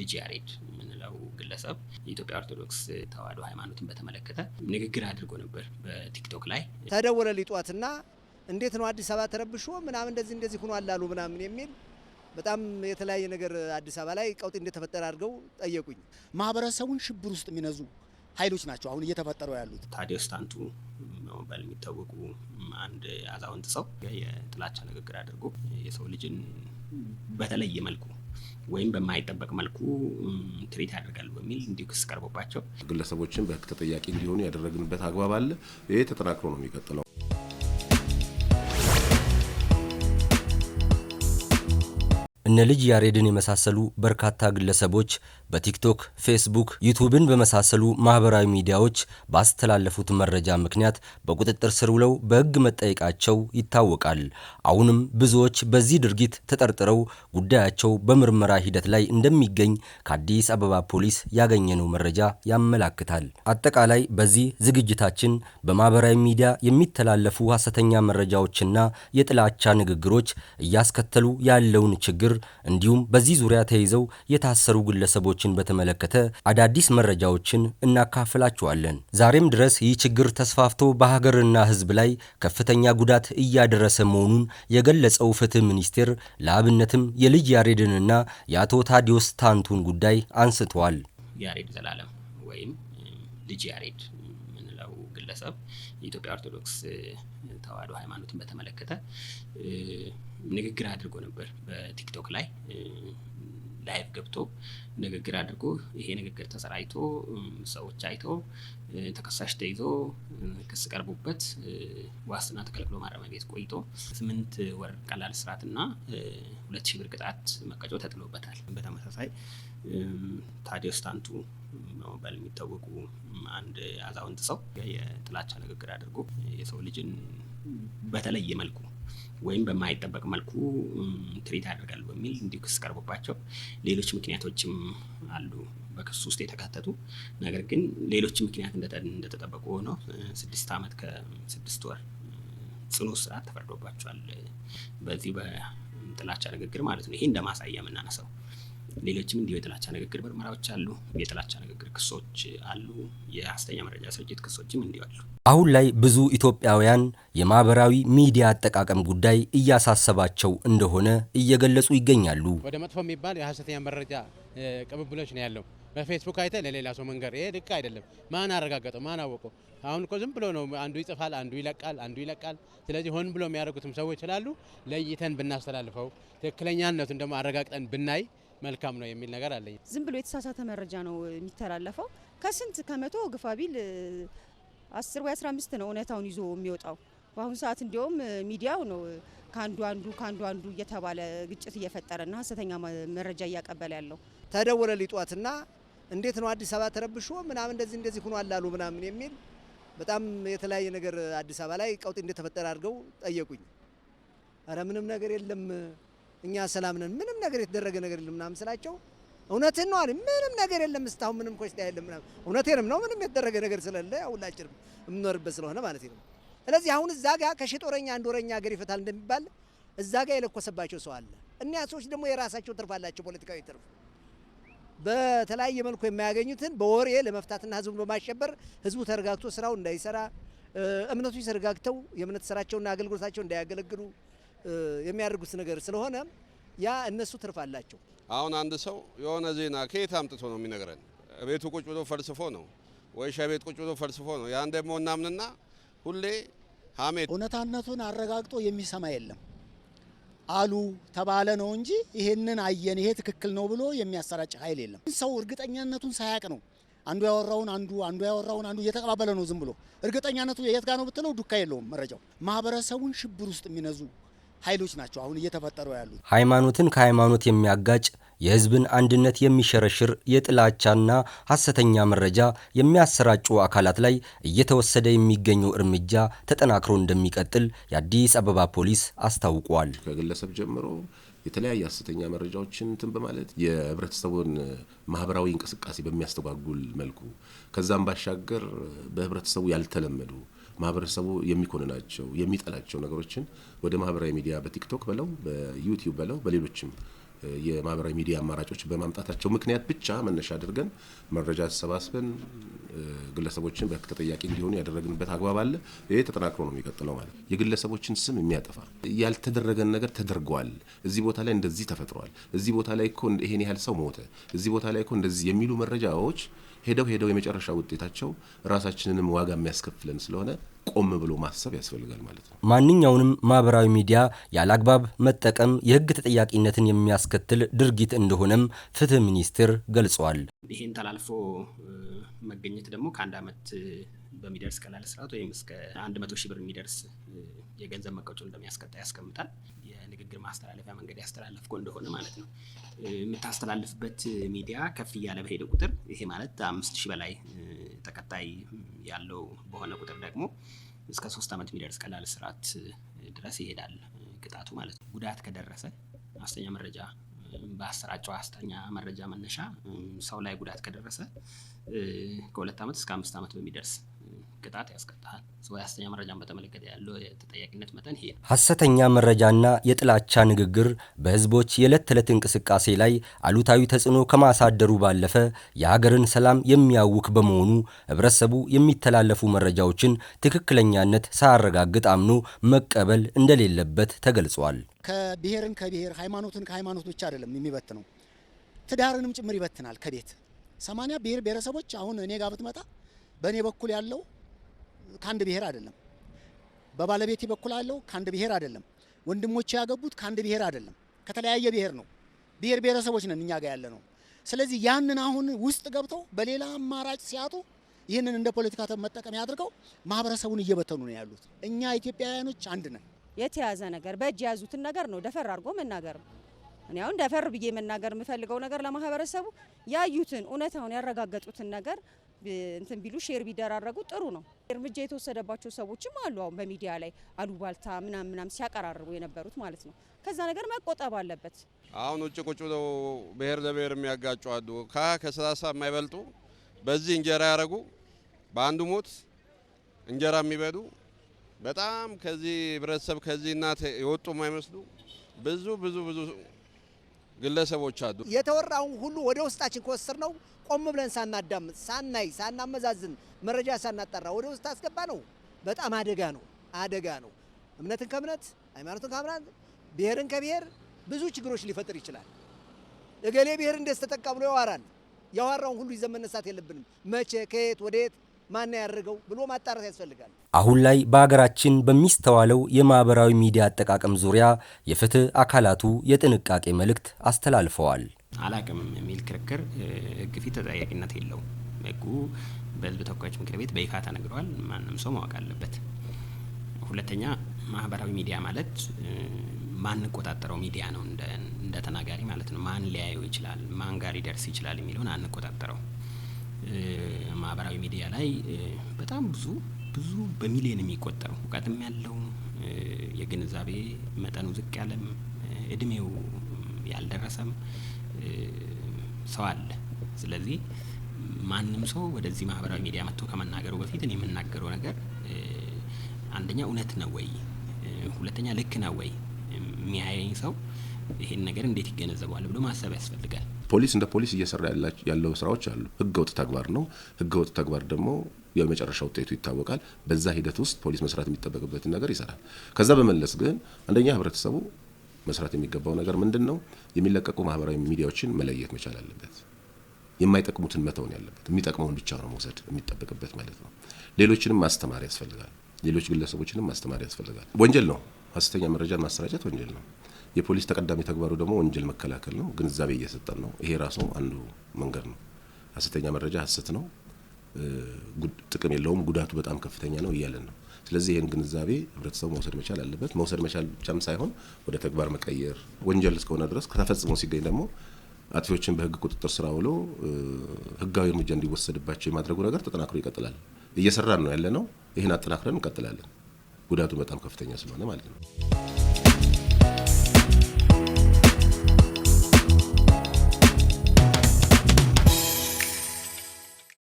ልጅ ያሬድ የምንለው ግለሰብ የኢትዮጵያ ኦርቶዶክስ ተዋህዶ ሃይማኖትን በተመለከተ ንግግር አድርጎ ነበር በቲክቶክ ላይ። ተደወለ ሊጧትና እንዴት ነው አዲስ አበባ ተረብሾ ምናምን እንደዚህ እንደዚህ ሁኖ አላሉ ምናምን የሚል በጣም የተለያየ ነገር አዲስ አበባ ላይ ቀውጥ እንደተፈጠረ አድርገው ጠየቁኝ። ማህበረሰቡን ሽብር ውስጥ የሚነዙ ኃይሎች ናቸው አሁን እየተፈጠሩ ያሉት። ታዲዮስ ታንቱ በመባል የሚታወቁ አንድ አዛውንት ሰው የጥላቻ ንግግር አድርጎ የሰው ልጅን በተለየ መልኩ ወይም በማይጠበቅ መልኩ ትሪት ያደርጋሉ በሚል እንዲሁ ክስ ቀርቦባቸው ግለሰቦችን በህግ ተጠያቂ እንዲሆኑ ያደረግንበት አግባብ አለ። ይህ ተጠናክሮ ነው የሚቀጥለው። እነ ልጅ ያሬድን የመሳሰሉ በርካታ ግለሰቦች በቲክቶክ፣ ፌስቡክ፣ ዩቱብን በመሳሰሉ ማህበራዊ ሚዲያዎች ባስተላለፉት መረጃ ምክንያት በቁጥጥር ስር ውለው በሕግ መጠየቃቸው ይታወቃል። አሁንም ብዙዎች በዚህ ድርጊት ተጠርጥረው ጉዳያቸው በምርመራ ሂደት ላይ እንደሚገኝ ከአዲስ አበባ ፖሊስ ያገኘነው መረጃ ያመላክታል። አጠቃላይ በዚህ ዝግጅታችን በማህበራዊ ሚዲያ የሚተላለፉ ሐሰተኛ መረጃዎችና የጥላቻ ንግግሮች እያስከተሉ ያለውን ችግር እንዲሁም በዚህ ዙሪያ ተይዘው የታሰሩ ግለሰቦችን በተመለከተ አዳዲስ መረጃዎችን እናካፍላችኋለን። ዛሬም ድረስ ይህ ችግር ተስፋፍቶ በሀገርና ሕዝብ ላይ ከፍተኛ ጉዳት እያደረሰ መሆኑን የገለጸው ፍትህ ሚኒስቴር ለአብነትም የልጅ ያሬድንና የአቶ ታዲዮስ ታንቱን ጉዳይ አንስተዋል። ያሬድ ዘላለም ወይም ልጅ ያሬድ የምንለው ግለሰብ የኢትዮጵያ ኦርቶዶክስ ተዋሕዶ ሃይማኖትን በተመለከተ ንግግር አድርጎ ነበር በቲክቶክ ላይ ላይቭ ገብቶ ንግግር አድርጎ ይሄ ንግግር ተሰራይቶ ሰዎች አይቶ ተከሳሽ ተይዞ ክስ ቀርቦበት ዋስትና ተከልክሎ ማረሚያ ቤት ቆይቶ ስምንት ወር ቀላል ስርዓትና ሁለት ሺህ ብር ቅጣት መቀጮ ተጥሎበታል። በተመሳሳይ ታዲዮስ ታንቱ በመባል የሚታወቁ አንድ አዛውንት ሰው የጥላቻ ንግግር አድርጎ የሰው ልጅን በተለየ መልኩ ወይም በማይጠበቅ መልኩ ትሪት ያደርጋሉ በሚል እንዲሁ ክስ ቀርቦባቸው ሌሎች ምክንያቶችም አሉ በክሱ ውስጥ የተካተቱ። ነገር ግን ሌሎች ምክንያት እንደተጠበቁ ሆኖ ስድስት ዓመት ከስድስት ወር ጽኑ እስራት ተፈርዶባቸዋል። በዚህ በጥላቻ ንግግር ማለት ነው። ይሄ እንደማሳያ የምናነሳው ሌሎችም እንዲሁ የጥላቻ ንግግር ምርመራዎች አሉ። የጥላቻ ንግግር ክሶች አሉ። የሐሰተኛ መረጃ ስርጭት ክሶችም እንዲሁ አሉ። አሁን ላይ ብዙ ኢትዮጵያውያን የማህበራዊ ሚዲያ አጠቃቀም ጉዳይ እያሳሰባቸው እንደሆነ እየገለጹ ይገኛሉ። ወደ መጥፎ የሚባል የሐሰተኛ መረጃ ቅብብሎች ነው ያለው። በፌስቡክ አይተ ለሌላ ሰው መንገር ይሄ ልክ አይደለም። ማን አረጋገጠው? ማን አወቀው? አሁን እኮ ዝም ብሎ ነው አንዱ ይጽፋል፣ አንዱ ይለቃል፣ አንዱ ይለቃል። ስለዚህ ሆን ብሎ የሚያደርጉትም ሰዎች ስላሉ ለይተን ብናስተላልፈው ትክክለኛነቱን ደግሞ አረጋግጠን ብናይ መልካም ነው የሚል ነገር አለኝ። ዝም ብሎ የተሳሳተ መረጃ ነው የሚተላለፈው። ከስንት ከመቶ ግፋቢል አስር ወይ አስራ አምስት ነው እውነታውን ይዞ የሚወጣው። በአሁኑ ሰዓት እንዲሁም ሚዲያው ነው ከአንዱ አንዱ ከአንዱ አንዱ እየተባለ ግጭት እየፈጠረና ሀሰተኛ መረጃ እያቀበለ ያለው። ተደወለ ሊጧትና እንዴት ነው አዲስ አበባ ተረብሾ ምናምን እንደዚህ እንደዚህ ሆኖ አላሉ ምናምን የሚል በጣም የተለያየ ነገር አዲስ አበባ ላይ ቀውጢ እንደተፈጠረ አድርገው ጠየቁኝ። እረ ምንም ነገር የለም እኛ ሰላም ነን፣ ምንም ነገር የተደረገ ነገር የለም ምናምን ስላቸው እውነትን ነው አለ። ምንም ነገር የለም እስካሁን ምንም ኮስታ የለም ምናምን እውነቴንም ነው ምንም የተደረገ ነገር ስለሌለ ሁላችንም የምኖርበት ስለሆነ ማለት ነው። ስለዚህ አሁን እዛ ጋ ከሽጥ ወረኛ አንድ ወረኛ ሀገር ይፈታል እንደሚባል እዛ ጋ የለኮሰባቸው ሰው አለ። እኒያ ሰዎች ደግሞ የራሳቸው ትርፍ አላቸው፣ ፖለቲካዊ ትርፍ በተለያየ መልኩ የማያገኙትን በወሬ ለመፍታትና ህዝቡን በማሸበር ህዝቡ ተረጋግቶ ስራው እንዳይሰራ እምነቶች ተረጋግተው የእምነት ስራቸውና አገልግሎታቸው እንዳያገለግሉ የሚያደርጉት ነገር ስለሆነ ያ እነሱ ትርፍ አላቸው። አሁን አንድ ሰው የሆነ ዜና ከየት አምጥቶ ነው የሚነግረን? ቤቱ ቁጭ ብሎ ፈልስፎ ነው ወይ ቤት ቁጭ ብሎ ፈልስፎ ነው። ያን ደግሞ እናምንና ሁሌ ሀሜት እውነታነቱን አረጋግጦ የሚሰማ የለም። አሉ ተባለ ነው እንጂ ይሄንን አየን ይሄ ትክክል ነው ብሎ የሚያሰራጭ ኃይል የለም። ሰው እርግጠኛነቱን ሳያቅ ነው አንዱ ያወራውን አንዱ አንዱ ያወራውን አንዱ እየተቀባበለ ነው ዝም ብሎ። እርግጠኛነቱ የት ጋር ነው ብትለው ዱካ የለውም መረጃው። ማህበረሰቡን ሽብር ውስጥ የሚነዙ ኃይሎች ናቸው አሁን እየተፈጠሩ ያሉ። ሃይማኖትን ከሃይማኖት የሚያጋጭ የህዝብን አንድነት የሚሸረሽር የጥላቻና ሐሰተኛ መረጃ የሚያሰራጩ አካላት ላይ እየተወሰደ የሚገኘው እርምጃ ተጠናክሮ እንደሚቀጥል የአዲስ አበባ ፖሊስ አስታውቋል። ከግለሰብ ጀምሮ የተለያየ ሐሰተኛ መረጃዎችን እንትን በማለት የህብረተሰቡን ማህበራዊ እንቅስቃሴ በሚያስተጓጉል መልኩ ከዛም ባሻገር በህብረተሰቡ ያልተለመዱ ማህበረሰቡ የሚኮንናቸው የሚጠላቸው ነገሮችን ወደ ማህበራዊ ሚዲያ በቲክቶክ በለው በዩቲዩብ በለው በሌሎችም የማህበራዊ ሚዲያ አማራጮች በማምጣታቸው ምክንያት ብቻ መነሻ አድርገን መረጃ ተሰባስበን ግለሰቦችን ተጠያቂ እንዲሆኑ ያደረግንበት አግባብ አለ። ይህ ተጠናክሮ ነው የሚቀጥለው። ማለት የግለሰቦችን ስም የሚያጠፋ ያልተደረገን ነገር ተደርጓል፣ እዚህ ቦታ ላይ እንደዚህ ተፈጥሯል፣ እዚህ ቦታ ላይ እኮ ይሄን ያህል ሰው ሞተ፣ እዚህ ቦታ ላይ እኮ እንደዚህ የሚሉ መረጃዎች ሄደው ሄደው የመጨረሻ ውጤታቸው ራሳችንንም ዋጋ የሚያስከፍለን ስለሆነ ቆም ብሎ ማሰብ ያስፈልጋል ማለት ነው። ማንኛውንም ማህበራዊ ሚዲያ ያለ አግባብ መጠቀም የህግ ተጠያቂነትን የሚያስከትል ድርጊት እንደሆነም ፍትህ ሚኒስቴር ገልጿል። ይህን ተላልፎ መገኘት ደግሞ ከአንድ ዓመት በሚደርስ ቀላል እስራት ወይም እስከ አንድ መቶ ሺህ ብር የሚደርስ የገንዘብ መቀጮ እንደሚያስቀጣ ያስቀምጣል። የንግግር ማስተላለፊያ መንገድ ያስተላለፍኮ እንደሆነ ማለት ነው። የምታስተላልፍበት ሚዲያ ከፍ እያለ በሄደ ቁጥር ይሄ ማለት አምስት ሺህ በላይ ተከታይ ያለው በሆነ ቁጥር ደግሞ እስከ ሶስት ዓመት የሚደርስ ቀላል እስራት ድረስ ይሄዳል ቅጣቱ ማለት ነው። ጉዳት ከደረሰ ሐሰተኛ መረጃ በአሰራጨው ሐሰተኛ መረጃ መነሻ ሰው ላይ ጉዳት ከደረሰ ከሁለት ዓመት እስከ አምስት ዓመት በሚደርስ ቅጣት ያስቀጣል። ሐሰተኛ መረጃን በተመለከተ ያለው የተጠያቂነት መጠን ይሄ ነው። ሐሰተኛ መረጃና የጥላቻ ንግግር በህዝቦች የዕለት ተዕለት እንቅስቃሴ ላይ አሉታዊ ተጽዕኖ ከማሳደሩ ባለፈ የሀገርን ሰላም የሚያውክ በመሆኑ ህብረተሰቡ የሚተላለፉ መረጃዎችን ትክክለኛነት ሳያረጋግጥ አምኖ መቀበል እንደሌለበት ተገልጿል። ከብሔርን ከብሔር ሃይማኖትን ከሃይማኖት ብቻ አይደለም የሚበትነው ትዳርንም ጭምር ይበትናል። ከቤት ሰማንያ ብሔር ብሔረሰቦች አሁን እኔ ጋር ብትመጣ በእኔ በኩል ያለው ከአንድ ብሔር አይደለም። በባለቤቴ በኩል አለው ከአንድ ብሔር አይደለም። ወንድሞች ያገቡት ከአንድ ብሔር አይደለም፣ ከተለያየ ብሔር ነው። ብሔር ብሔረሰቦች ነን እኛ ጋር ያለ ነው። ስለዚህ ያንን አሁን ውስጥ ገብተው በሌላ አማራጭ ሲያጡ ይህንን እንደ ፖለቲካ መጠቀሚያ አድርገው ማህበረሰቡን እየበተኑ ነው ያሉት። እኛ ኢትዮጵያውያኖች አንድ ነን። የተያዘ ነገር በእጅ የያዙትን ነገር ነው ደፈር አድርጎ መናገር ነው። እኔ አሁን ደፈር ብዬ መናገር የምፈልገው ነገር ለማህበረሰቡ ያዩትን እውነታውን ያረጋገጡትን ነገር እንትን ቢሉ ሼር ቢደራረጉ ጥሩ ነው። እርምጃ የተወሰደባቸው ሰዎችም አሉ። አሁን በሚዲያ ላይ አሉባልታ ምናም ምናም ሲያቀራርቡ የነበሩት ማለት ነው። ከዛ ነገር መቆጠብ አለበት። አሁን ውጭ ቁጭ ብለው ብሔር ለብሄር የሚያጋጩ አሉ። ከሀያ ከሰላሳ የማይበልጡ በዚህ እንጀራ ያደረጉ በአንዱ ሞት እንጀራ የሚበሉ በጣም ከዚህ ህብረተሰብ ከዚህ እናት የወጡ የማይመስሉ ብዙ ብዙ ብዙ ግለሰቦች አሉ። የተወራውን ሁሉ ወደ ውስጣችን ከወሰድ ነው ቆም ብለን ሳናዳምጥ፣ ሳናይ፣ ሳናመዛዝን፣ መረጃ ሳናጠራ ወደ ውስጥ አስገባ ነው በጣም አደጋ ነው፣ አደጋ ነው። እምነትን ከእምነት ሃይማኖትን ከሃይማኖት ብሔርን ከብሔር ብዙ ችግሮች ሊፈጥር ይችላል። እገሌ ብሔር እንደተጠቃ ብሎ ያዋራል። ያዋራውን ሁሉ ይዘን መነሳት የለብንም። መቼ፣ ከየት ወደ ማን ያደረገው ብሎ ማጣራት ያስፈልጋል። አሁን ላይ በሀገራችን በሚስተዋለው የማህበራዊ ሚዲያ አጠቃቀም ዙሪያ የፍትህ አካላቱ የጥንቃቄ መልእክት አስተላልፈዋል። አላቅም የሚል ክርክር ህግ ፊት ተጠያቂነት የለውም። ህጉ በህዝብ ተወካዮች ምክር ቤት በይፋ ተነግረዋል። ማንም ሰው ማወቅ አለበት። ሁለተኛ ማህበራዊ ሚዲያ ማለት ማንቆጣጠረው ሚዲያ ነው። እንደ ተናጋሪ ማለት ነው። ማን ሊያየው ይችላል፣ ማን ጋር ሊደርስ ይችላል የሚለውን አንቆጣጠረው ማህበራዊ ሚዲያ ላይ በጣም ብዙ ብዙ በሚሊዮን የሚቆጠሩ እውቀትም ያለው የግንዛቤ መጠኑ ዝቅ ያለም እድሜው ያልደረሰም ሰው አለ። ስለዚህ ማንም ሰው ወደዚህ ማህበራዊ ሚዲያ መጥቶ ከመናገሩ በፊት እኔ የምናገረው ነገር አንደኛ እውነት ነው ወይ፣ ሁለተኛ ልክ ነው ወይ፣ የሚያየኝ ሰው ይሄን ነገር እንዴት ይገነዘበዋል ብሎ ማሰብ ያስፈልጋል። ፖሊስ እንደ ፖሊስ እየሰራ ያለው ስራዎች አሉ። ህገወጥ ተግባር ነው። ህገወጥ ተግባር ደግሞ የመጨረሻ ውጤቱ ይታወቃል። በዛ ሂደት ውስጥ ፖሊስ መስራት የሚጠበቅበትን ነገር ይሰራል። ከዛ በመለስ ግን አንደኛ ህብረተሰቡ መስራት የሚገባው ነገር ምንድን ነው? የሚለቀቁ ማህበራዊ ሚዲያዎችን መለየት መቻል አለበት። የማይጠቅሙትን መተውን ያለበት፣ የሚጠቅመውን ብቻ ነው መውሰድ የሚጠበቅበት ማለት ነው። ሌሎችንም ማስተማር ያስፈልጋል። ሌሎች ግለሰቦችንም ማስተማር ያስፈልጋል። ወንጀል ነው። ሀሰተኛ መረጃን ማሰራጨት ወንጀል ነው። የፖሊስ ተቀዳሚ ተግባሩ ደግሞ ወንጀል መከላከል ነው። ግንዛቤ እየሰጠን ነው። ይሄ ራሱ አንዱ መንገድ ነው። ሀሰተኛ መረጃ ሀሰት ነው፣ ጥቅም የለውም፣ ጉዳቱ በጣም ከፍተኛ ነው እያለን ነው። ስለዚህ ይህን ግንዛቤ ህብረተሰቡ መውሰድ መቻል አለበት። መውሰድ መቻል ብቻም ሳይሆን ወደ ተግባር መቀየር ወንጀል እስከሆነ ድረስ ከተፈጽሞ ሲገኝ ደግሞ አጥፊዎችን በህግ ቁጥጥር ስራ ውሎ ህጋዊ እርምጃ እንዲወሰድባቸው የማድረጉ ነገር ተጠናክሮ ይቀጥላል። እየሰራን ነው ያለ ነው። ይህን አጠናክረን እንቀጥላለን። ጉዳቱ በጣም ከፍተኛ ስለሆነ ማለት ነው።